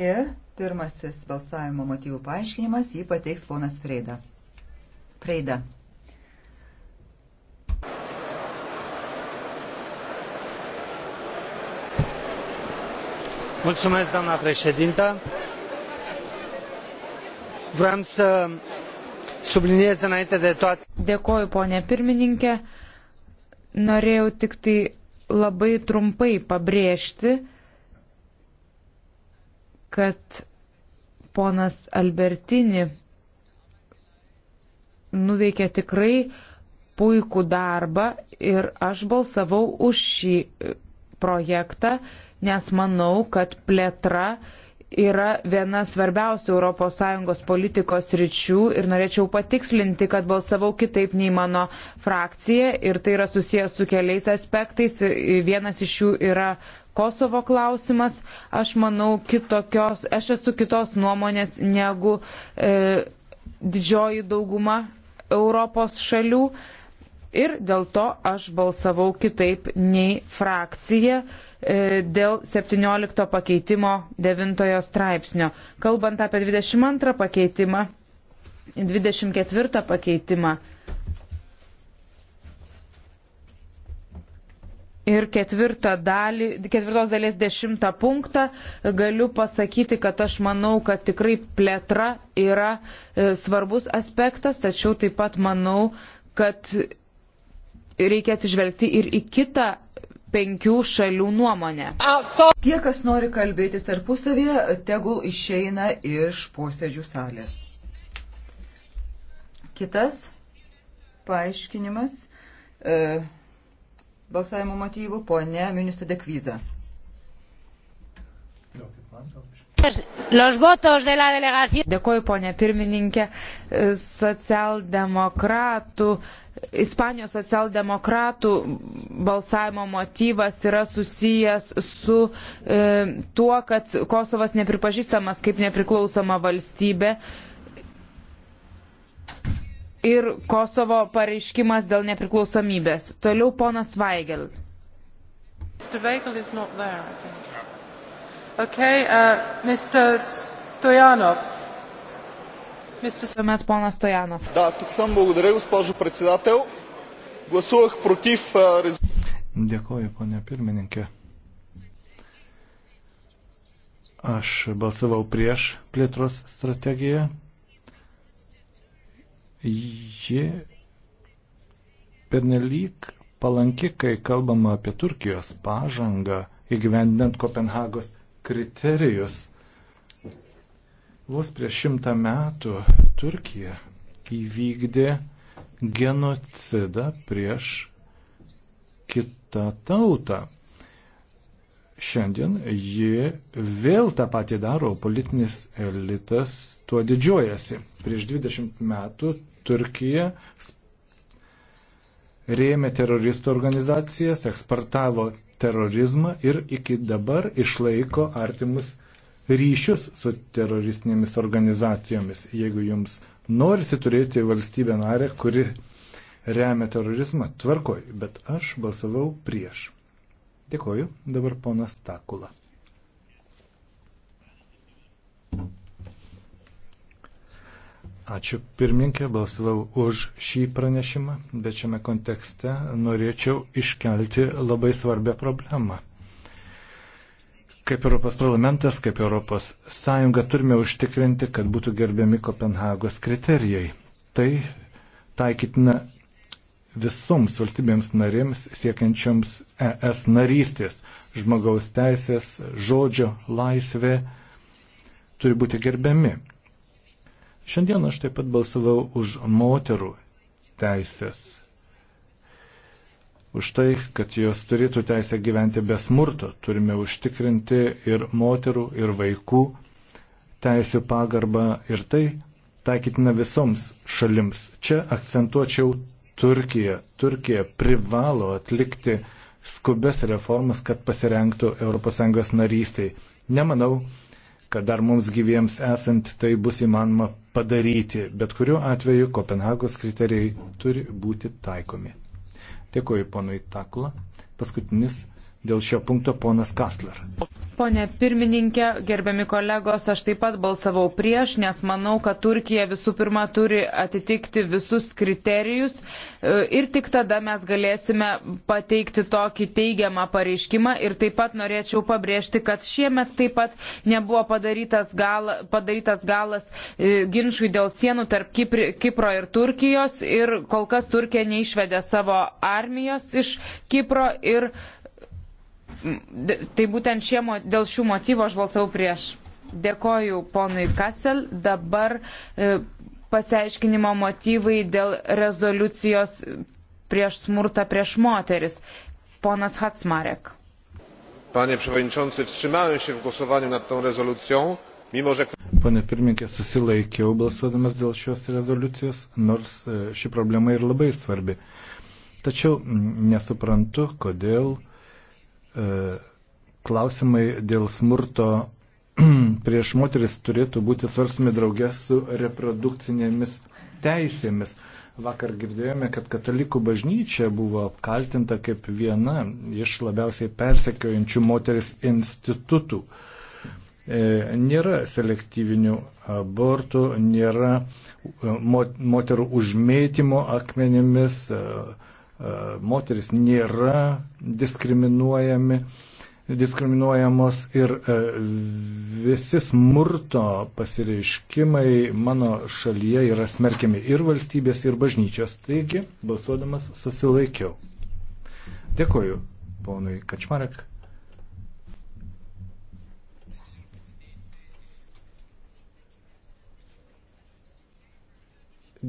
Ir pirmasis balsavimo motyvų paaiškinimas jį pateiks ponas Freida. Freida. Mulțumesc, doamna președintă. Vreau să subliniez înainte de toate. Dėkoju, ponė pirmininkė. Norėjau tik tai labai trumpai pabrėžti, kad ponas Albertini nuveikė tikrai puikų darbą ir aš balsavau už šį e, projektą, nes manau, kad plėtra yra viena svarbiausių ES politikos ryčių ir norėčiau patikslinti, kad balsavau kitaip nei mano frakcija ir tai yra susijęs su keliais aspektais. Vienas iš jų yra Kosovo klausimas, aš manau, kitokios, aš esu kitos nuomonės negu e, didžioji dauguma Europos šalių ir dėl to aš balsavau kitaip nei frakcija e, dėl 17 pakeitimo 9 straipsnio. Kalbant apie 22 pakeitimą, 24 pakeitimą, ir dalį, ketvirtos dalies dešimtą punktą galiu pasakyti, kad aš manau, kad tikrai plėtra yra e, svarbus aspektas, tačiau taip pat manau, kad reikia atsižvelgti ir į kitą penkių šalių nuomonę. Tie, kas nori kalbėtis tarpusavėje, tegul išeina iš posėdžių salės. Kitas paaiškinimas. E, balsavimo motyvų ponė ministra Dekvyza. Dėkoju, ponė pirmininkė, socialdemokratų Ispanijos socialdemokratų balsavimo motyvas yra susijęs su e, tuo, kad Kosovas nepripažįstamas kaip nepriklausoma valstybė. E, ir Kosovo pareiškimas dėl nepriklausomybės. Toliau ponas Vaigel. Okay, uh, Tuomet ponas Stojanov. Да, тук съм. Благодаря, госпожо председател. Гласувах против... Dėkoju, ponia pirmininkė. Aš balsavau prieš plėtros strategiją, Ji pernelyg palanki, kai kalbama apie Turkijos pažangą įgyvendinant Kopenhagos kriterijus. Vos prieš šimtą metų Turkija įvykdė genocidą prieš kitą tautą. Šiandien ji vėl tą patį daro, politinis elitas tuo didžiuojasi. Prieš 20 metų Turkija rėmė teroristų organizacijas, eksportavo terorizmą ir iki dabar išlaiko artimus ryšius su teroristinėmis organizacijomis. Jeigu jums norisi turėti valstybę narę, kuri remia terorizmą, tvarkoj, bet aš balsavau prieš. Dėkoju, dabar ponas Takula. Ačiū pirmininkė, balsavau už šį pranešimą, bet šiame kontekste norėčiau iškelti labai svarbę problemą. Kaip Europos parlamentas, kaip Europos Sąjunga turime užtikrinti, kad būtų gerbiami Kopenhagos kriterijai. Tai taikytina visoms valstybėms narėms siekiančioms ES narystės. Žmogaus teisės, žodžio laisvė turi būti gerbiami. Šiandien aš taip pat balsavau už moterų teisės. Už tai, kad jos turėtų teisę gyventi be smurto, turime užtikrinti ir moterų, ir vaikų teisų pagarbą ir tai taikytina visoms šalims. Čia akcentuočiau Turkiją. Turkija privalo atlikti skubes reformas, kad pasirenktų ES narystiai. Nemanau, kad dar mums gyviems esant tai bus įmanoma padaryti. Bet kuriuo atveju Kopenhagos kriterijai turi būti taikomi. Dėkuoju ponui Takula. Paskutinis Dėl šio punkto ponas Kastler. Pone pirmininkė, gerbiami kolegos, aš taip pat balsavau prieš, nes manau, kad Turkija visų pirma turi atitikti visus kriterijus e, ir tik tada mes galėsime pateikti tokį teigiamą pareiškimą. Ir taip pat norėčiau pabrėžti, kad šiemet taip pat nebuvo padarytas, gala, padarytas galas e, ginčiui dėl sienų tarp Kipri, Kipro ir Turkijos. Ir kol kas Turkija neišvedė savo armijos iš Kipro. Ir, tai būtent šie, dėl šių motyvų aš balsavau prieš. Dėkoju ponui Kasel. Dabar e, pasiaiškinimo motyvai dėl rezoliucijos prieš smurtą prieš moteris. Ponas Hatsmarek. Panie przewodniczący, wstrzymałem się w głosowaniu nad tą rezolucją, mimo że. Panie pirmininkė, susilaikiau balsuodamas dėl šios rezoliucijos, nors e, ši problema ir labai svarbi. Tačiau mm, nesuprantu, kodėl uh, E, klausimai dėl smurto prieš moteris turėtų būti svarstami draugė su reprodukcinėmis teisėmis. Vakar girdėjome, kad katalikų bažnyčia buvo apkaltinta kaip viena iš labiausiai persekiojančių moteris institutų. E, nėra selektyvinių abortų, nėra e, moterų užmėtymo akmenimis. E, E, moteris nėra diskriminuojami, diskriminuojamos ir e, visi smurto pasireiškimai mano šalyje yra smerkiami ir valstybės, ir bažnyčios. Taigi, balsuodamas susilaikiau. Dėkoju, ponui Kačmarek.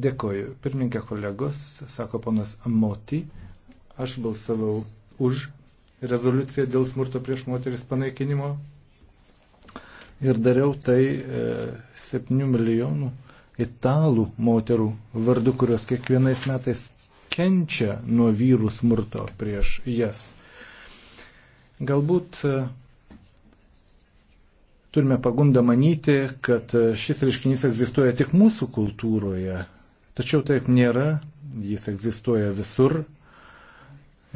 Dėkoju. Pirmininkė kolegos, sako ponas Moti, aš balsavau už rezoliuciją dėl smurto prieš moteris panaikinimo ir dariau tai 7 e, milijonų italų moterų vardu, kurios kiekvienais metais kenčia nuo vyrų smurto prieš jas. Galbūt e, turime pagundą manyti, kad e, šis reiškinys egzistuoja tik mūsų kultūroje, Tačiau taip nėra, jis egzistuoja visur.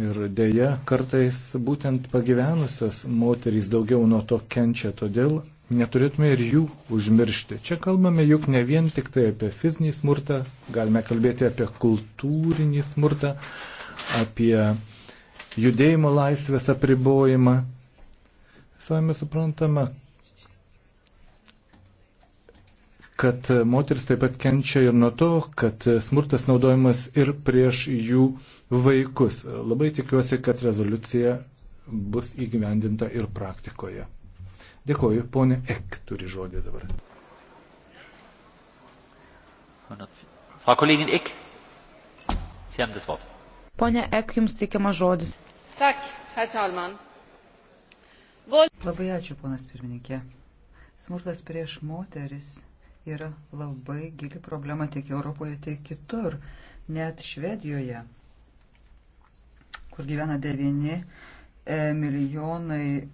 Ir dėja, kartais būtent pagyvenusios moterys daugiau nuo to kenčia, todėl neturėtume ir jų užmiršti. Čia kalbame juk ne vien tik tai apie fizinį smurtą, galime kalbėti apie kultūrinį smurtą, apie judėjimo laisvės apribojimą. Savame suprantama, kad moteris taip pat kenčia ir nuo to, kad smurtas naudojamas ir prieš jų vaikus. Labai tikiuosi, kad rezoliucija bus įgyvendinta ir praktikoje. Dėkoju, ponė Ek turi žodį dabar. Frau Kollegin Ek, Sie haben das Wort. Pone Ek, jums teikiamas žodis. Tak, Herr Talman. Vol... Labai ačiū, ponas pirmininkė. Smurtas prieš moteris yra labai gili problema tiek Europoje, tiek kitur, net Švedijoje, kur gyvena 9 e, milijonai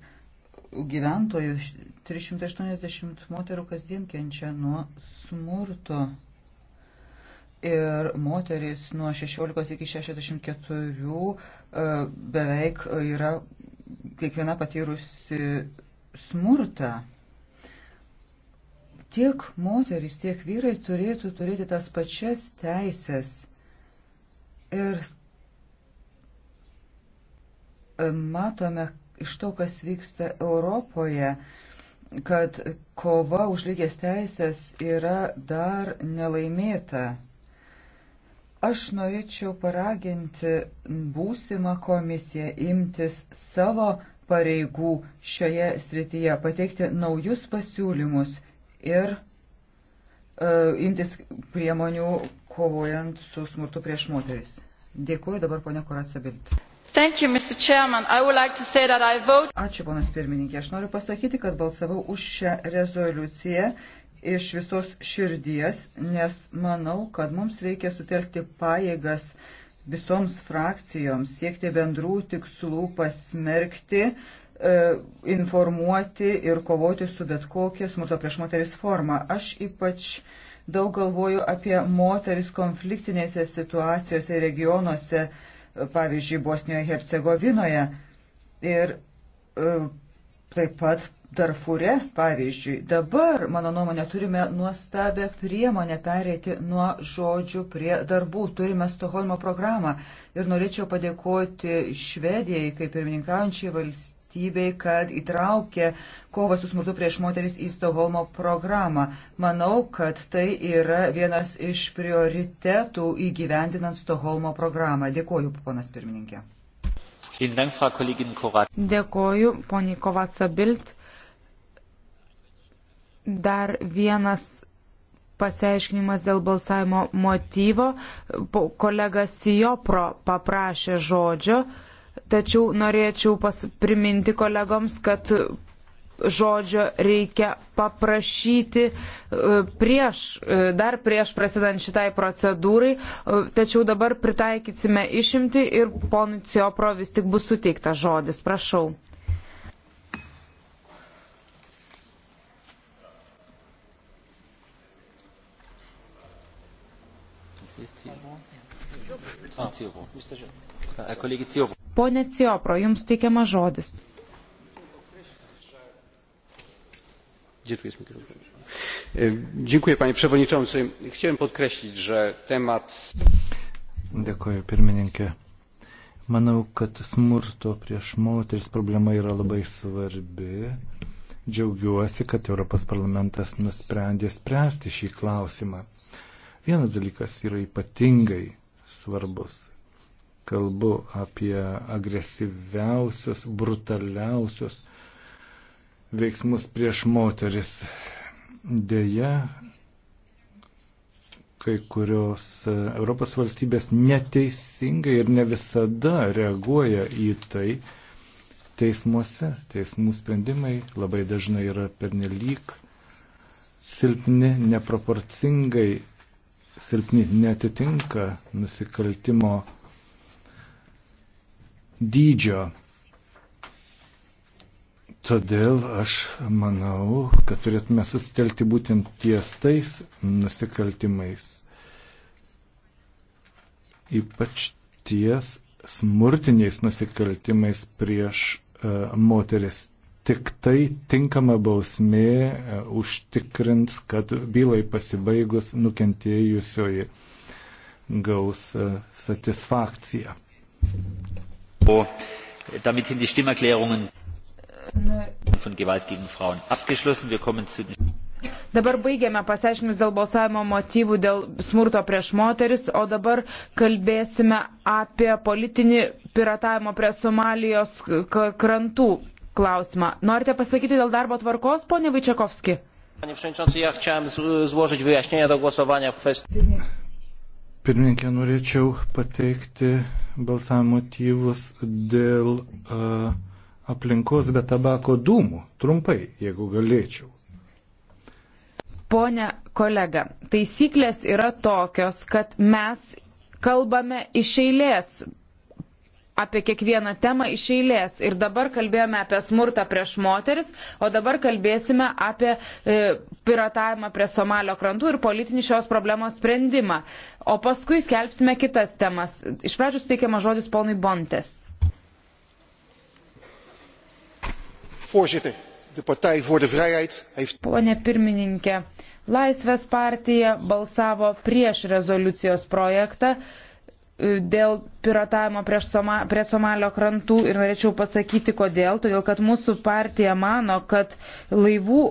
gyventojų, 380 moterų kasdien kenčia nuo smurto. Ir moteris nuo 16 iki 64 e, beveik yra kiekviena patyrusi smurtą tiek moteris, tiek vyrai turėtų turėti tas pačias teisės. Ir matome iš to, kas vyksta Europoje, kad kova už lygės teisės yra dar nelaimėta. Aš norėčiau paraginti būsimą komisiją imtis savo pareigų šioje srityje, pateikti naujus pasiūlymus ir uh, imtis priemonių kovojant su smurtu prieš moteris. Dėkuoju dabar ponia Koratsa Bilt. Like vote... Ačiū, ponas pirmininkė. Aš noriu pasakyti, kad balsavau už šią rezoliuciją iš visos širdies, nes manau, kad mums reikia sutelkti pajėgas visoms frakcijoms, siekti bendrų tikslų, pasmerkti uh, E, informuoti ir kovoti su bet kokia smurto prieš moteris forma. Aš ypač daug galvoju apie moteris konfliktinėse situacijose regionuose, e, pavyzdžiui, Bosnijoje, Hercegovinoje ir e, taip pat Darfūre, pavyzdžiui. Dabar, mano nuomonė, turime nuostabę priemonę pereiti nuo žodžių prie darbų. Turime Stoholmo programą ir norėčiau padėkoti Švedijai kaip pirmininkaujančiai valstybei valstybei, kad įtraukė kovą su smurtu prieš moteris į Stoholmo programą. Manau, kad tai yra vienas iš prioritetų įgyvendinant Stoholmo programą. Dėkuoju, ponas pirmininkė. Dėkuoju, poniai Kovatsa Bilt. Dar vienas pasiaiškinimas dėl balsavimo motyvo. Kolega Sijopro paprašė žodžio tačiau norėčiau pas, priminti kolegoms, kad žodžio reikia paprašyti e, prieš, e, dar prieš prasidant šitai procedūrai, e, tačiau dabar pritaikysime išimti ir ponui Ciopro vis tik bus suteiktas žodis. Prašau. Ah, Ciro. Mr. Jean. Herr Kollege Ciro. Pone Ciopro, jums teikiamas žodis. Dziękuję panie przewodniczący. Chciałem podkreślić, że temat. Dėkuoju pirmininkė. Manau, kad smurto prieš moteris problema yra labai svarbi. Džiaugiuosi, kad Europos parlamentas nusprendė spręsti šį klausimą. Vienas dalykas yra ypatingai svarbus Kalbu apie agresyviausius, brutaliausius veiksmus prieš moteris. Deja, kai kurios Europos valstybės neteisingai ir ne visada reaguoja į tai teismuose. Teismų sprendimai labai dažnai yra pernelyg silpni, neproporcingai silpni, netitinka nusikaltimo dydžio. Todėl aš manau, kad turėtume susitelti būtent ties tais nusikaltimais, ypač ties smurtiniais nusikaltimais prieš uh, moteris. Tik tai tinkama bausmė uh, užtikrins, kad bylai pasibaigus nukentėjusioji gaus uh, satisfakciją. Damit sind die Stimmerklärungen von Gewalt gegen Frauen abgeschlossen. Wir kommen zu den Dabar baigiame pasiaiškinimus dėl balsavimo motyvų dėl smurto prieš moteris, o dabar kalbėsime apie politinį piratavimo prie Somalijos krantų klausimą. Norite pasakyti dėl darbo tvarkos, ponė Vaičiakovski? Panie Przewodniczący, ja chciałem złożyć wyjaśnienia do głosowania w kwestii. Pirmininkė, norėčiau pateikti balsavimo motyvus dėl uh, aplinkos be tabako dūmų. Trumpai, jeigu galėčiau. Pone kolega, taisyklės yra tokios, kad mes kalbame iš eilės apie kiekvieną temą iš eilės. Ir dabar kalbėjome apie smurtą prieš moteris, o dabar kalbėsime apie e, piratavimą prie Somalio krantų ir politinį šios problemos sprendimą. O paskui skelbsime kitas temas. Iš pradžių suteikiamas žodis ponui Bontes. Voorzitter, de Partij voor de Vrijheid heeft. Pone pirmininkė, Laisvės partija balsavo prieš rezoliucijos projektą dėl piratavimo prie, Soma, prie Somalio krantų ir norėčiau pasakyti kodėl. Todėl, kad mūsų partija mano, kad laivų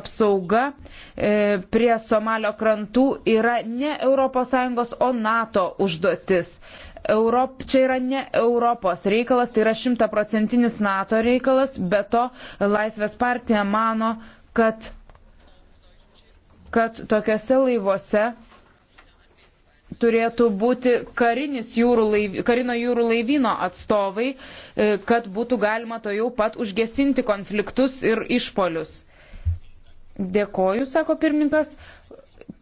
apsauga e, prie Somalio krantų yra ne ES, o NATO užduotis. Europ, čia yra ne Europos reikalas, tai yra šimtaprocentinis NATO reikalas, bet to Laisvės partija mano, kad, kad tokiuose laivuose turėtų būti jūrų laiv... karino jūrų laivyno atstovai, e, kad būtų galima to jau pat užgesinti konfliktus ir išpolius. Dėkoju, sako pirmininkas.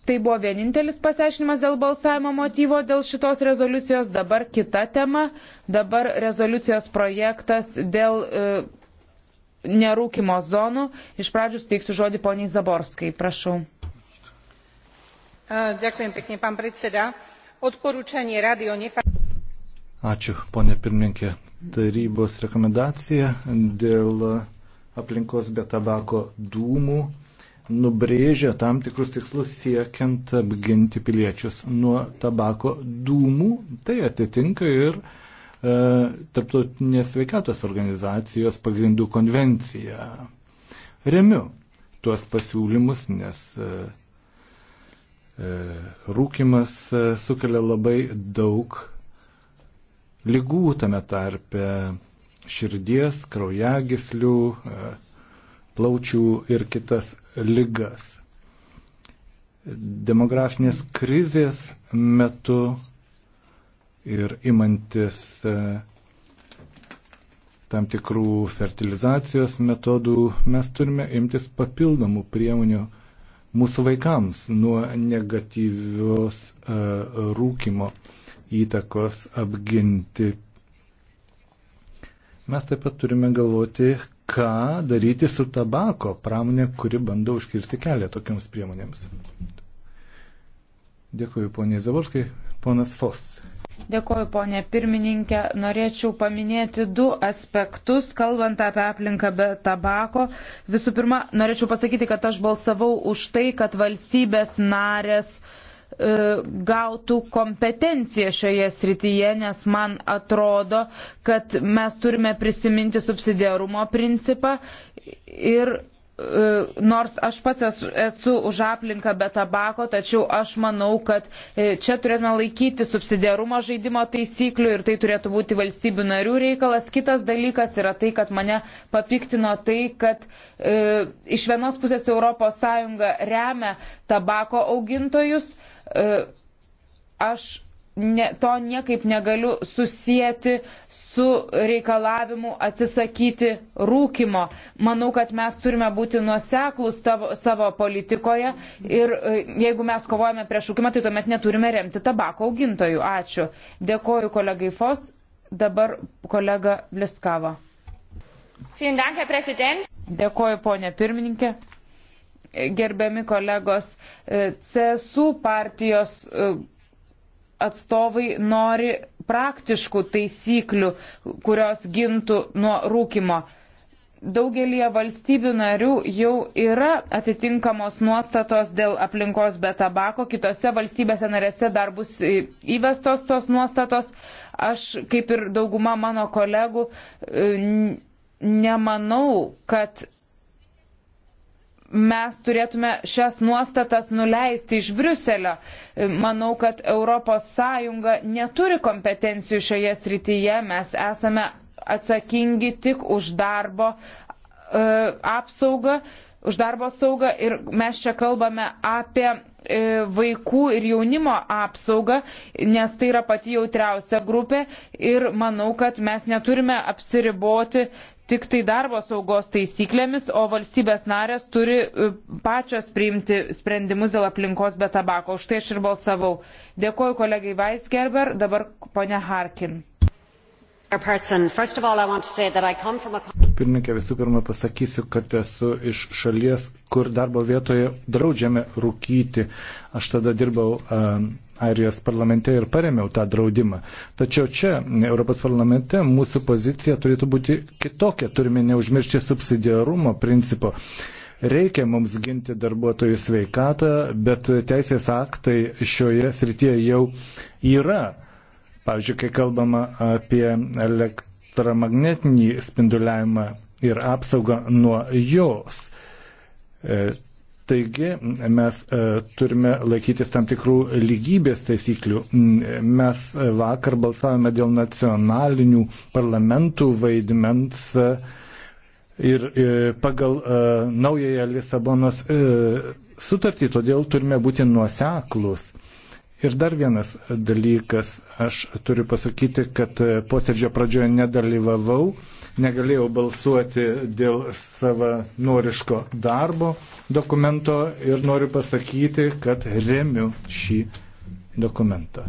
Tai buvo vienintelis pasiaiškinimas dėl balsavimo motyvo dėl šitos rezoliucijos. Dabar kita tema. Dabar rezoliucijos projektas dėl e, nerūkimo zonų. Iš pradžių steiksiu žodį poniai Zaborskai. Prašau. Eh, odporúčanie rady o Ačiū, ponė pirmininkė. Tarybos rekomendacija dėl aplinkos be tabako dūmų nubrėžia tam tikrus tikslus siekiant apginti piliečius nuo tabako dūmų. Tai atitinka ir e, Tarptautinės sveikatos organizacijos pagrindų konvenciją. Remiu tuos pasiūlymus, nes e, E, Rūkimas e, sukelia labai daug lygų tame tarpe širdies, kraujagislių, e, plaučių ir kitas lygas. Demografinės krizės metu ir imantis tam tikrų fertilizacijos metodų mes turime imtis papildomų priemonių mūsų vaikams nuo negatyvios e, rūkimo įtakos apginti. Mes taip pat turime galvoti, ką daryti su tabako pramonė, kuri bando užkirsti kelią tokiams priemonėms. Dėkuoju poniai Zavorskai, ponas Fos. Dėkoju, ponė pirmininkė. Norėčiau paminėti du aspektus, kalbant apie aplinką be tabako. Visų pirma, norėčiau pasakyti, kad aš balsavau už tai, kad valstybės narės e, gautų kompetenciją šioje srityje, nes man atrodo, kad mes turime prisiminti subsidiarumo principą ir E, nors aš pats esu už aplinką be tabako, tačiau aš manau, kad e, čia turėtume laikyti subsidiarumo žaidimo taisyklių ir tai turėtų būti valstybių narių reikalas. Kitas dalykas yra tai, kad mane papiktino tai, kad e, iš vienos pusės ES remia tabako augintojus. E, aš ne, to niekaip negaliu susijęti su reikalavimu atsisakyti rūkimo. Manau, kad mes turime būti nuoseklus tavo, savo politikoje ir e, jeigu mes kovojame prieš rūkimą, tai tuomet neturime remti tabako augintojų. Ačiū. Dėkoju kolegai Fos, dabar kolega Bliskava. Dėkoju, ponė pirmininkė gerbiami kolegos, e, CSU partijos e, atstovai nori praktiškų taisyklių, kurios gintų nuo rūkimo. Daugelie valstybių narių jau yra atitinkamos nuostatos dėl aplinkos be tabako, kitose valstybėse narėse dar bus įvestos tos nuostatos. Aš, kaip ir dauguma mano kolegų, nemanau, kad mes turėtume šias nuostatas nuleisti iš Briuselio. Manau, kad ES neturi kompetencijų šioje srityje, mes esame atsakingi tik už darbo e, apsaugą, už darbo saugą ir mes čia kalbame apie e, vaikų ir jaunimo apsaugą, nes tai yra pati jautriausia grupė ir manau, kad mes neturime apsiriboti tik tai darbo saugos taisyklėmis, o valstybės narės turi e, pačios priimti sprendimus dėl aplinkos be tabako. Už tai aš ir balsavau. Dėkuoju kolegai Weisgerber, dabar ponia Harkin. Pirmininkė, visų pirma pasakysiu, kad esu iš šalies, kur darbo vietoje draudžiame rūkyti. Aš tada dirbau um, Airijos parlamente ir paremiau tą draudimą. Tačiau čia, Europos parlamente, mūsų pozicija turėtų būti kitokia. Turime neužmiršti subsidiarumo principo. Reikia mums ginti darbuotojų sveikatą, bet teisės aktai šioje srityje jau yra. Pavyzdžiui, kai kalbama apie elektromagnetinį spinduliavimą ir apsaugą nuo jos. E, Taigi mes e, turime laikytis tam tikrų lygybės taisyklių. Mes e, vakar balsavome dėl nacionalinių parlamentų vaidmens e, ir pagal naująją Lisabonos sutartį, todėl turime būti nuoseklus. Ir dar vienas dalykas, aš turiu pasakyti, kad posėdžio pradžioje nedalyvavau, negalėjau balsuoti dėl savanoriško darbo dokumento ir noriu pasakyti, kad remiu šį dokumentą.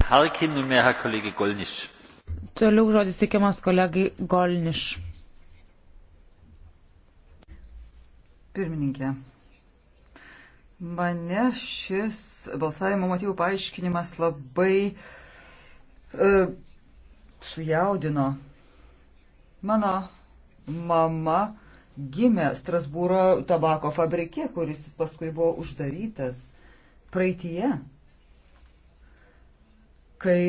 Toliau žodis teikiamas kolegai Golniš. Pirmininkė, Mane šis balsavimo motyvų paaiškinimas labai e, sujaudino. Mano mama gimė Strasbūro tabako fabrike, kuris paskui buvo uždarytas praeitie, kai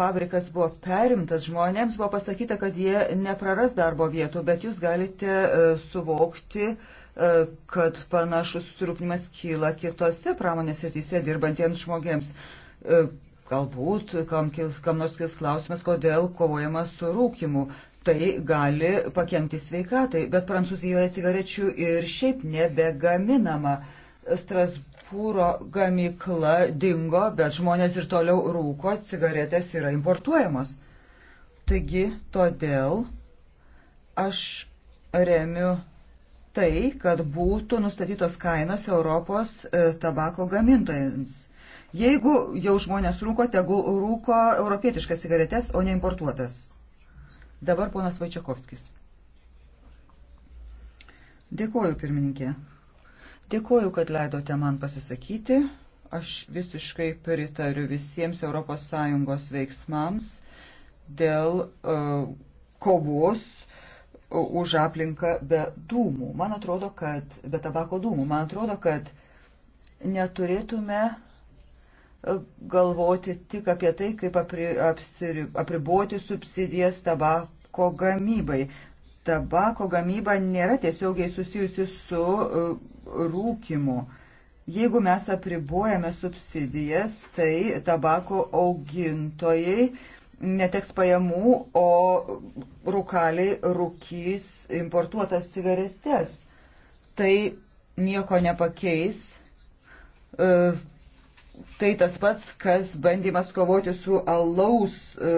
fabrikas buvo perimtas, žmonėms buvo pasakyta, kad jie nepraras darbo vietų, bet jūs galite e, suvokti, E, kad panašus susirūpinimas kyla kitose pramonės rytise dirbantiems žmonėms. E, galbūt kam, kils, kam nors kils klausimas, kodėl kovojama su rūkimu. Tai gali pakengti sveikatai, bet Prancūzijoje cigarečių ir šiaip nebegaminama. Strasbūro gamykla dingo, bet žmonės ir toliau rūko, cigaretės yra importuojamos. Taigi, todėl aš remiu tai, kad būtų nustatytos kainos Europos e, tabako gamintojams. Jeigu jau žmonės rūko, tegul rūko europietiškas cigaretės, o ne importuotas. Dabar ponas Vaičiakovskis. Dėkoju, pirmininkė. Dėkoju, kad leidote man pasisakyti. Aš visiškai pritariu visiems ES veiksmams dėl uh, kovos uh, už aplinką be dūmų. Man atrodo, kad be tabako dūmų. Man atrodo, kad neturėtume e, galvoti tik apie tai, kaip apri, apsiri, apriboti subsidijas tabako gamybai. Tabako gamyba nėra tiesiogiai susijusi su uh, rūkimu. Jeigu mes apribuojame subsidijas, tai tabako augintojai neteks pajamų, o rūkaliai rūkys importuotas cigaretės. Tai nieko nepakeis. E, tai tas pats, kas bandymas kovoti su alaus e,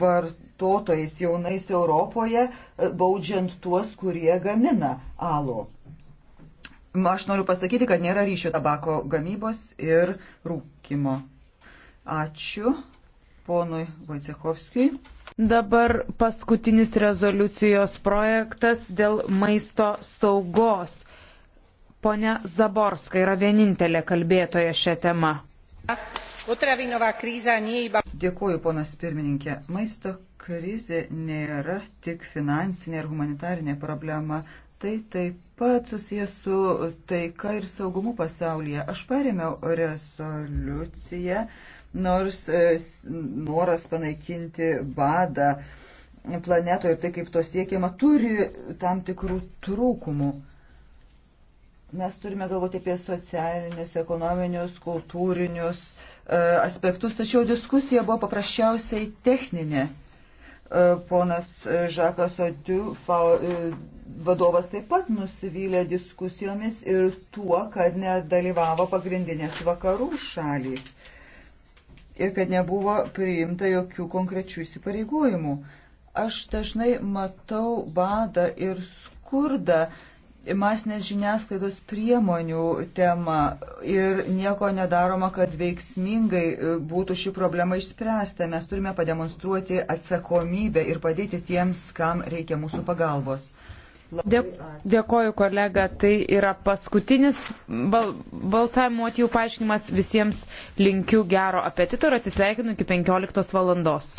vartotojais jaunais Europoje, e, baudžiant tuos, kurie gamina alo. Aš noriu pasakyti, kad nėra ryšio tabako gamybos ir rūkimo. Ačiū ponui Vojcehovskijui. Dabar paskutinis rezoliucijos projektas dėl maisto saugos. Pone Zaborska yra vienintelė kalbėtoja šią temą. Dėkuoju, ponas pirmininkė. Maisto krizė nėra tik finansinė ir humanitarinė problema. Tai taip pat susijęs su taika ir saugumu pasaulyje. Aš paremiau rezoliuciją nors e, noras panaikinti badą planetoje ir tai, kaip to siekiama, turi tam tikrų trūkumų. Mes turime galvoti apie socialinius, ekonominius, kultūrinius e, aspektus, tačiau diskusija buvo paprasčiausiai techninė. E, ponas Žakas Odiu, vadovas taip pat nusivylė diskusijomis ir tuo, kad nedalyvavo pagrindinės vakarų šalys ir kad nebuvo priimta jokių konkrečių įsipareigojimų. Aš dažnai matau badą ir skurdą masinės žiniasklaidos priemonių tema ir nieko nedaroma, kad veiksmingai e, būtų ši problema išspręsta. Mes turime pademonstruoti atsakomybę ir padėti tiems, kam reikia mūsų pagalbos. Dėkoju, kolega. Tai yra paskutinis bal balsavimo motyvų paaiškinimas. Visiems linkiu gero apetito ir atsisveikinu iki 15 valandos.